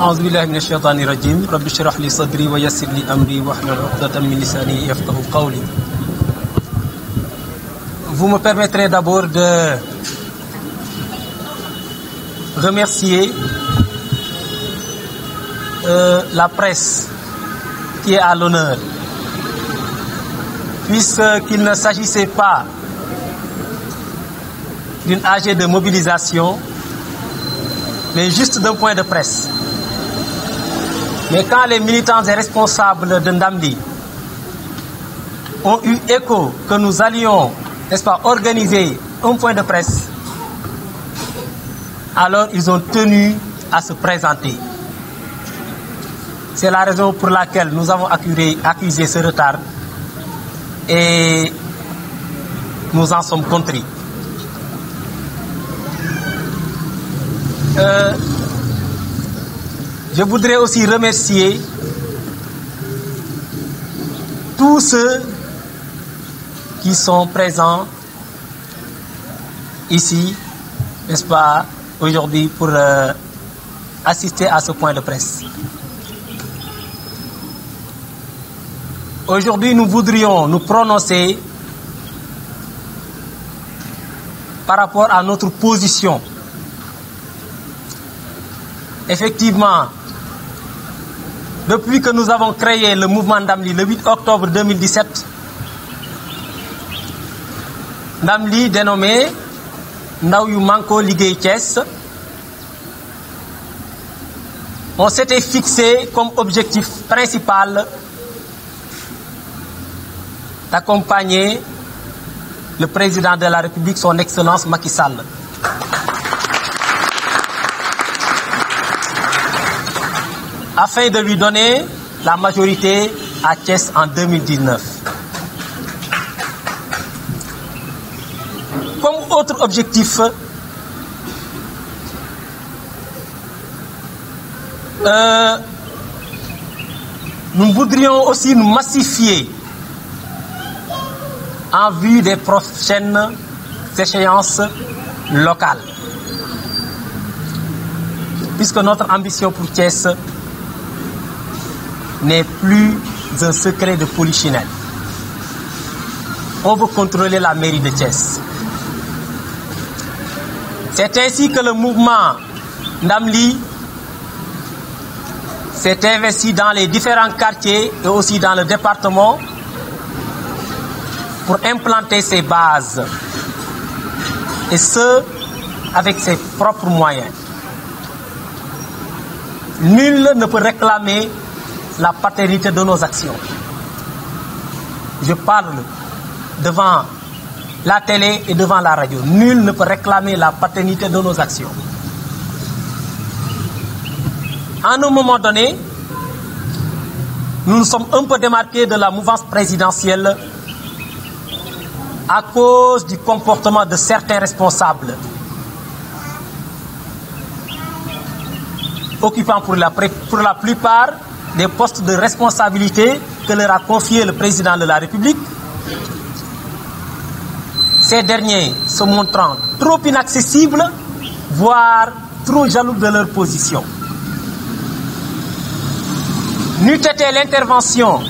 Vous me permettrez d'abord de remercier euh, la presse qui est à l'honneur, puisqu'il ne s'agissait pas d'une AG de mobilisation, mais juste d'un point de presse. Mais quand les militants et responsables de Ndamdi ont eu écho que nous allions, n'est-ce pas, organiser un point de presse, alors ils ont tenu à se présenter. C'est la raison pour laquelle nous avons accusé, ce retard et nous en sommes contrés. Euh, je voudrais aussi remercier tous ceux qui sont présents ici, n'est-ce pas, aujourd'hui pour euh, assister à ce point de presse. Aujourd'hui, nous voudrions nous prononcer par rapport à notre position. Effectivement, depuis que nous avons créé le mouvement d'Amli le 8 octobre 2017, d'Amli dénommé Ndaouyou Manko on s'était fixé comme objectif principal d'accompagner le président de la République, son Excellence Macky Sall. afin de lui donner la majorité à Thiès en 2019. Comme autre objectif, euh, nous voudrions aussi nous massifier en vue des prochaines échéances locales. Puisque notre ambition pour Thiès n'est plus un secret de polichinelle. On veut contrôler la mairie de Thiès. C'est ainsi que le mouvement Namli s'est investi dans les différents quartiers et aussi dans le département pour implanter ses bases, et ce, avec ses propres moyens. Nul ne peut réclamer la paternité de nos actions. Je parle devant la télé et devant la radio. Nul ne peut réclamer la paternité de nos actions. À un moment donné, nous nous sommes un peu démarqués de la mouvance présidentielle à cause du comportement de certains responsables occupant pour la, pour la plupart des postes de responsabilité que leur a confié le président de la République. Ces derniers se montrant trop inaccessibles, voire trop jaloux de leur position. N'eût été l'intervention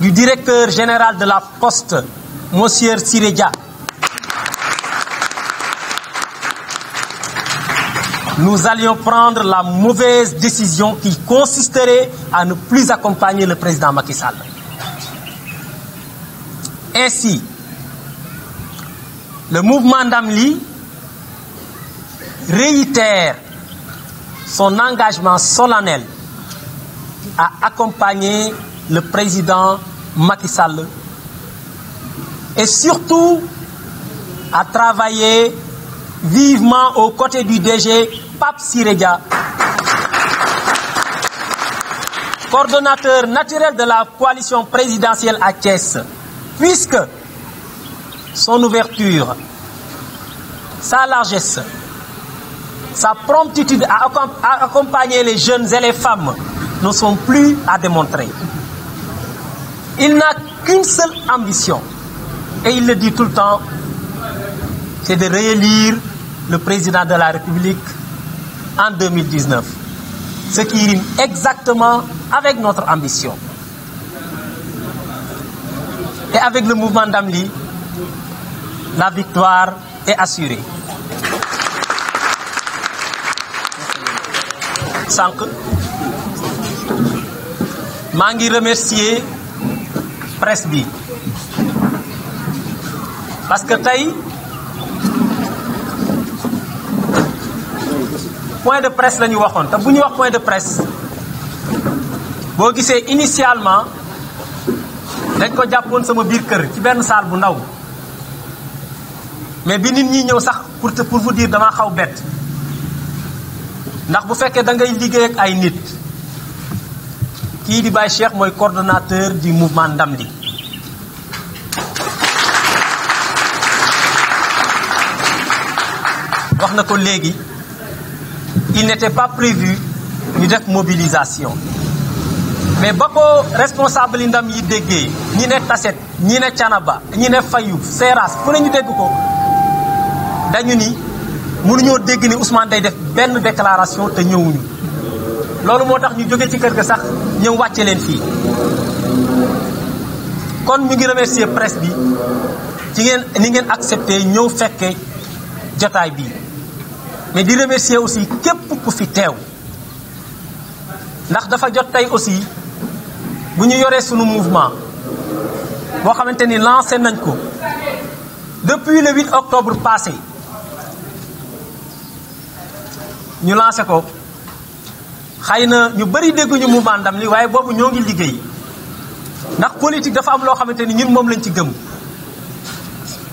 du directeur général de la Poste, Monsieur Siréga? nous allions prendre la mauvaise décision qui consisterait à ne plus accompagner le président Macky Sall. Ainsi, le mouvement d'Amli réitère son engagement solennel à accompagner le président Macky Sall et surtout à travailler vivement aux côtés du DG Pape Sireja, coordonnateur naturel de la coalition présidentielle à Thiès, puisque son ouverture, sa largesse, sa promptitude à accompagner les jeunes et les femmes ne sont plus à démontrer. Il n'a qu'une seule ambition, et il le dit tout le temps, c'est de réélire le président de la République en 2019, ce qui rime exactement avec notre ambition. Et avec le mouvement d'Amli, la victoire est assurée. Sank, Mangi remercier presby parce que Taï. point de presse la ñu waxoon te bu ñu wax point de presse boo gisee initialement dañ ko jàppoon sama biir kër ci benn salle bu ndaw mais bi nit ñi ñëw sax pour pour vous dire dama xaw bett ndax bu fekkee da ngay liggéey ak ay nit kii di bay Cheikh mooy coordonnateur du mouvement ndam wax na ko léegi il n'était pas prévu ñu def mobilisation mais ba ko responsable yi ndam yi déggee ñi ne Tassette ñi ne Canaba ñi ne Fayoub Seras fu ne ñu dégg ko dañu ni mënuñoo dégg ni Ousmane day def benn déclaration te ñëwuñu loolu moo tax ñu jóge ci kër ga sax ñëw wàcce leen fii kon mi ngi remercier presse bi ci ngeen ni ngeen accepté ñëw fekke jotaay bi mais di remercier aussi képp ku fi teew ndax dafa jot aussi bu ñu mouvement boo xamante lancé depuis le 8 octobre passé ñu lancé ko xëy nous ñu bëri mouvement Ndam li ndax politique dafa am loo xamante ñun lañ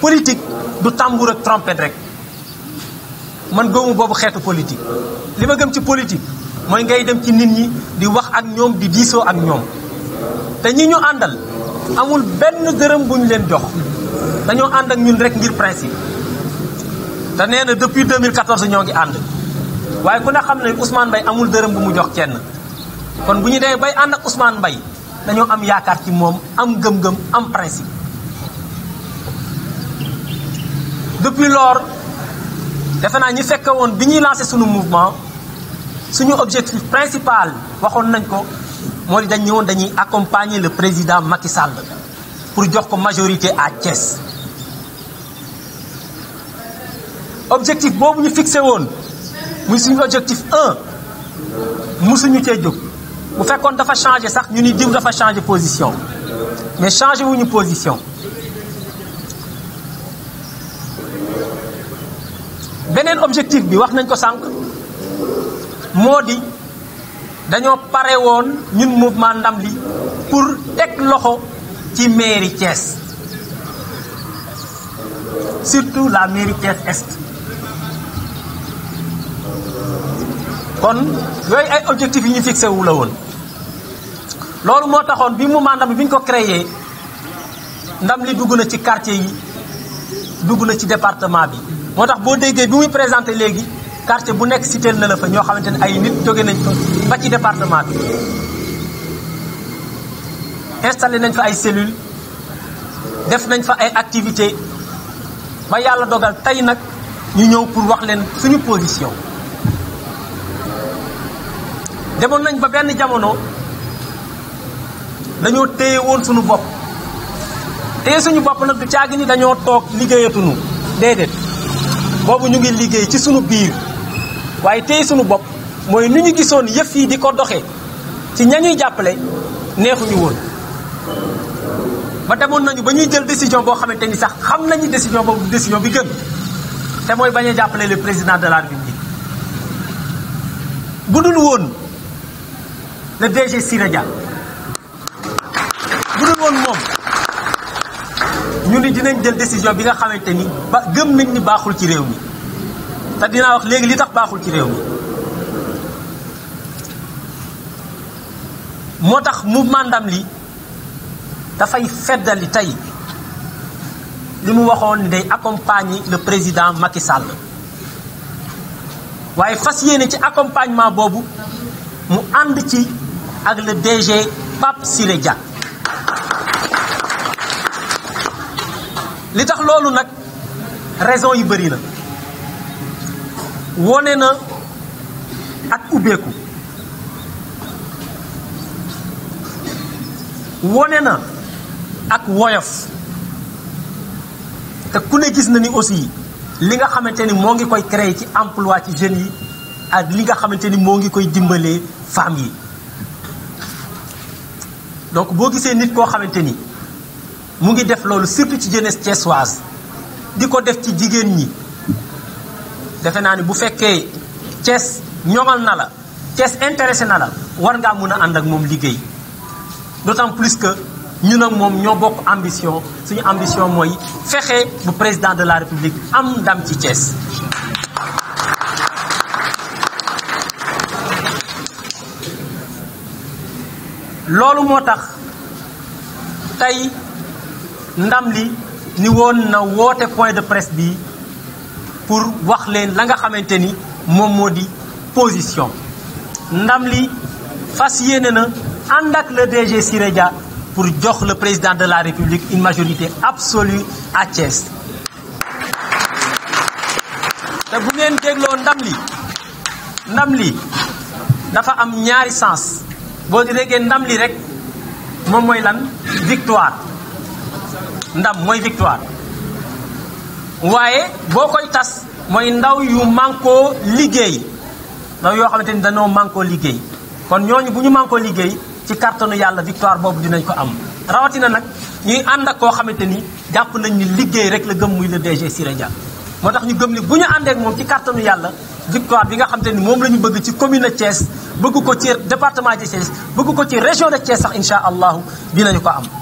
politique du tambour ak trompette rek. man gëmu boobu xeetu politique li ma gëm ci politique mooy ngay dem ci nit ñi di wax ak ñoom di diisoo ak ñoom te ñi ñu àndal amul benn dërëm buñ leen jox dañoo ànd ak ñun rek ngir principe te nee na depuis 2014 ñoo ngi ànd waaye ku ne xam ne Ousmane Mbaye amul dërëm bu mu jox kenn kon bu ñu demee bay ànd ak Ousmane Mbaye dañoo am yaakaar ci moom am gëm-gëm am principe depuis lors defe naa ñi fekke woon bi ñuy lancé suñu mouvement suñu objectif principal waxoon nañ ko moo di dañ ñëwoon dañuy accompagner le président Macky Sall pour jox ko majorité à Thiès. objectif boobu ñu fixé woon muy suñu objectif un musuñu cee jóg bu fekkoon dafa changé sax ñu ni diw dafa changé position mais changé wuñu position. beneen objectif bi wax nañ ko sànq moo di dañoo pare woon ñun mouvement ndam li pour teg loxo ci mairie Thiès surtout la mairie Thiès Est kon yooyu ay objectif yi ñu fixewu la woon loolu moo taxoon bi mouvement ndam li bi ñu ko créé ndam li dugg na ci quartier yi dugg na ci département bi moo tax boo déggee muy présenté léegi quartier bu nekk cité na la fa département cellules def nañ activités dogal ñu pour wax leen suñu position demoon nañ ba benn jamono suñu suñu boobu ñu ngi liggéey ci suñu biir waaye tey sunu bopp mooy ni ñu gisoon yëf yi di ko doxee ci ñañuy jàppale neexuñu woon ba demoon nañu ba ñuy jël décision boo xamante ni sax xam nañu décision boobu décision bi gën te mooy bañ jàppale le président de la République bu dul woon le DG Siré Dia bu dul woon moom ñu ni dinañ jël décision bi nga xamante ni ba gëm nañ ni baaxul ci réew mi te dinaa wax léegi li tax baaxul ci réew mi moo tax mouvement Ndam li dafay feddali tey li mu waxoon ni day accompagner le président Macky Sall waaye fas yéene ci accompagnement boobu mu ànd ci ak le DG Pape Siré Dia li tax loolu nag raison yi bëri na wone na ak ubbeeku wone na ak woyof te ku ne gis na ni aussi li nga xamante ni moo ngi koy créer ci emploi ci jeunes yi ak li nga xamante ni moo ngi koy dimbalee femmes yi donc boo gisee nit koo xamante ni mu ngi def loolu surtout ci jeunesse thiessoise di ko def ci jigéen ñi defe naa ni bu fekkee Thiès ñomal na la Thiès intéressé na la war ngaa mun a ànd ak moom liggéey d'autant plus que ñu ak moom ñoo bokk ambition suñu ambition mooy fexe bu président de la république am ndam ci Thiès. loolu moo tax tey. Ndamli, ni woon na woote point de presse bi pour wax leen la nga xamante ni moom position Ndamli, fas yéene na ànd le DG Sirédia pour jox le président de la République une majorité absolue à Thiès te bu ngeen dégloo Ndamli, Ndamli, ndam dafa am ñaari sens boo déggee ndam rek moom mooy lan victoire ndam moy victoire waye bokoy koy tas mooy ndaw yu manko liggéey ndaw yo xamanteni dañu manko liggéey kon ñooñu buñu manko liggéey ci cartonu yalla victoire bobu dinañ ko am rawatina nak ñi and ak ko xamanteni japp nañ ni liggéey rek la gëm muy le DG Sirenja motax ñu gëm ni buñu ak mom ci cartonu yalla victoire bi nga xamanteni mom lañu bëgg ci commune Thiès bëgg ko ci département de Thiès bëgg ko ci région de Thiès sax insha allahu ko am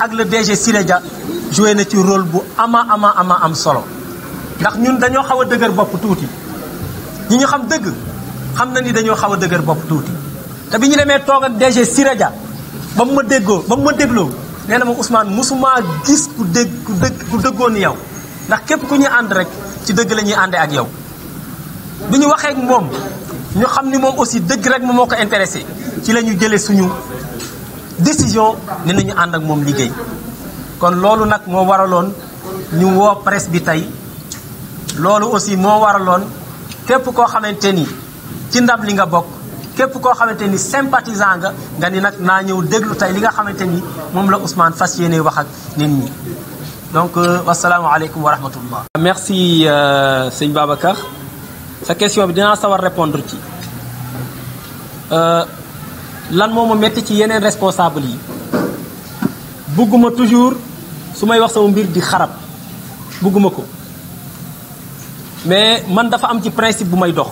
ak le DG Siré Dia joué na ci rôle bu ama ama ama am solo ndax ñun dañoo xaw a dëgër bopp tuuti ñi ñu xam dëgg xam na ni dañoo xaw a dëgër bopp tuuti te bi ñu demee toog ak DG Siré ba mu ma déggoo ba mu ma dégloo nee na ma Ousmane musuma gis ku dégg ku dëgg ku dëggoon yow ndax képp ku ñu ànd rek ci dëgg la ñuy àndee ak yow bi ñu waxee ak moom ñu xam ni moom aussi dëgg rek moo ko intéressé ci la ñu jëlee suñu décision ni nañu and ak mom liggéey kon loolu nak moo waraloon ñu woo presse bi tey loolu aussi moo waraloon képp koo xamante ni ci ndab li nga bokk képp koo xamante ni sympathisant nga nga ni nag naa ñëw déglu tey li nga xamante ni moom la Ousmane fas yéene wax ak nit ñi donc euh, wasalaamu wa rahmatullah merci euh, Babacar sa question bi dinaa sawar répondre ci euh, lan moo ma ci yeneen responsable yi bugguma toujours su may wax sama mbir di xarab ko mais man dafa am ci principe bu may dox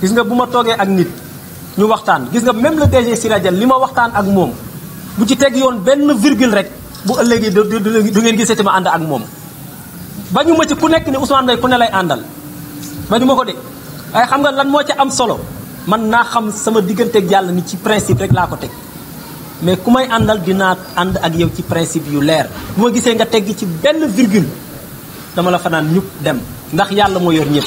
gis nga bu ma toogee ak nit ñu waxtaan gis nga même le DG Sira li ma waxtaan ak moom bu ci teg yoon virgule rek bu ëllëgee du ngeen gisati ma ànd ak moom ba ma ci ku nekk ni Ousmane ku ne lay àndal ba ko de waaye xam nga lan man naa xam sama ak yàlla ni ci principe rek laa ko teg mais ku may àndal dinaa ànd ak yow ci principe yu leer bu ma gisee nga tegg ci benn virgule dama la fanaan ñub dem ndax yàlla moo yor ñëpp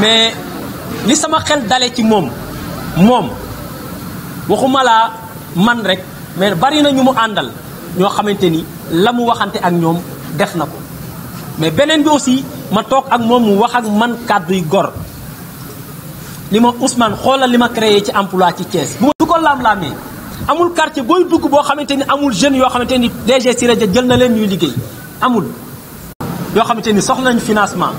mais li sama xel dale ci moom moom waxuma la man rek mais bari na ñu mu àndal ñoo xamante ni la mu waxante ak ñoom def na ko mais beneen bi aussi ma toog ak moom mu wax ak man kàdduy gor li ma Ousmane xoolal li ma créé ci emploi ci Thiès. bu ma du ko laam-laamee amul quartier booy dugg boo xamante ni amul jeunes yoo xamante ni DG Siré Dia jël na leen ñuy liggéey amul. yoo xamante ni soxla nañu financement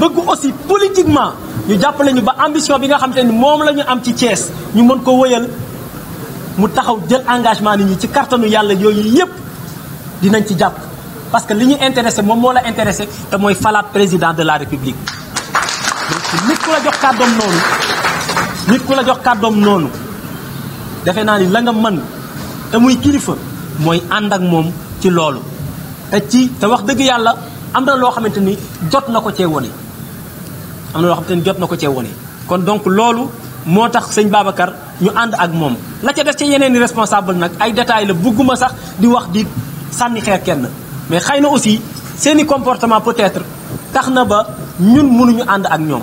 bëgg aussi politiquement ñu jàpp ñu ba ambition bi nga xamante ni moom la ñu am ci cees ñu mën ko wëyal mu taxaw jël engagement nit ñi ci kartanu yàlla yooyu yépp dinañ ci jàpp. parce que li ñu intéressé moom moo la intéressé te mooy falaat président de la république donc nit ku la jox kàddoom noonu nit ku la jox kàddoom noonu defe naa ni la nga mën te muy kilifa mooy ànd ak moom ci loolu te ci te wax dëgg yàlla am na loo xamante ni jot na ko cee wone am na loo xamante ni jot na ko cee wone kon donc loolu moo tax sëñ Babacar ñu ànd ak moom la ca des ca yeneen i responsable nag ay détails la bugguma sax di wax di sànni xeer kenn mais xëy na aussi seen i comportement peut-être tax na ba ñun mënuñu ànd ak ñoom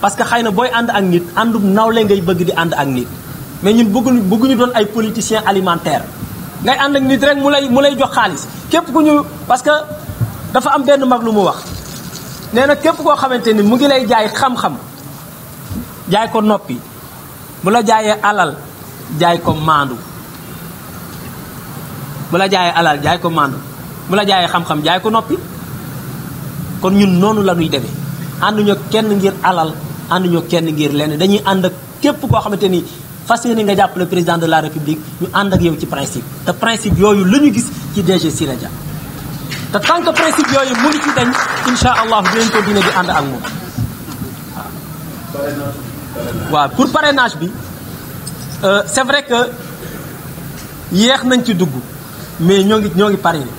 parce que xëy na booy ànd ak nit àndum nawle ngay bëgg di ànd ak nit mais ñun bëgguñu bëgguñu doon ay politiciens alimentaires ngay ànd ak nit rek mu lay mu lay jox xaalis képp ku ñu parce que dafa am benn mag lu mu wax nee na képp koo xamante ni mu ngi lay jaay xam-xam jaay ko noppi bu la jaayee alal jaay ko maandu bu la jaayee alal jaay ko maandu bu la jaayee xam-xam jaay ko noppi kon ñun nonu la ñuy andu ñu kenn ngir alal ñu kenn ngir lenn dañuy and ak képp ko xamanteni fasiyene nga japp le président de la république ñu and ak yow ci principe te principe yoyu lañu gis ci DG Sira Dia te tant que principe yoyu mu ngi ci dañ insha allah dañ ko dina di and ak moom wa pour parrainage bi euh, c'est vrai que yéx nañ ci dugg mais ñongi ñongi ñoo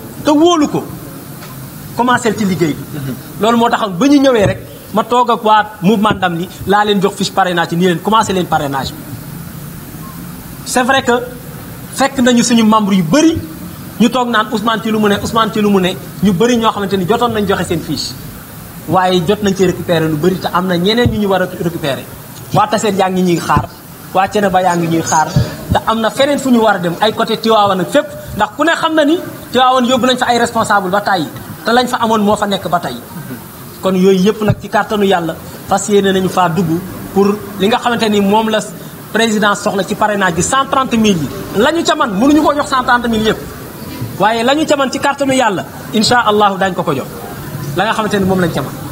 te wóolu ko commencé ci liggéey bi. Mhm. loolu moo tax ba ñu ñëwee rek ma toog ak waa mouvement Ndam li laa leen jox fiche parrainage yi nii leen commencé leen parrainage bi. c'est vrai que fekk nañu suñu membre yu bëri ñu toog naan Ousmane ci lu mu ne Ousmane ci lu mu ne ñu bëri ñoo xamante ni jotoon nañ joxe seen fiche waaye jot nañ ci récupérer lu bëri te am na ñeneen ñu ñu war a récupérer waa Tassette yaa ngi ñuy xaar waa ba yaa ngi ñuy xaar te am na feneen fu ñu war a dem ay côté Tiwaawan ak fépp Tiwaawoon yóbbu nañ fa ay responsable ba tàyyi te lañ fa amoon moo fa nekk ba tey kon yooyu yëpp nag ci kartanu yàlla fas yéene nañu faa dugg pour li nga xamante ni moom la président soxla ci pare parrainage bi 130 000 yi la ñu ca man mënuñu ko jox 130 000 yëpp waaye la ñu ca man ci kartanu yàlla incha allahu daañu ko ko jox la nga xamante ni moom lañ ca man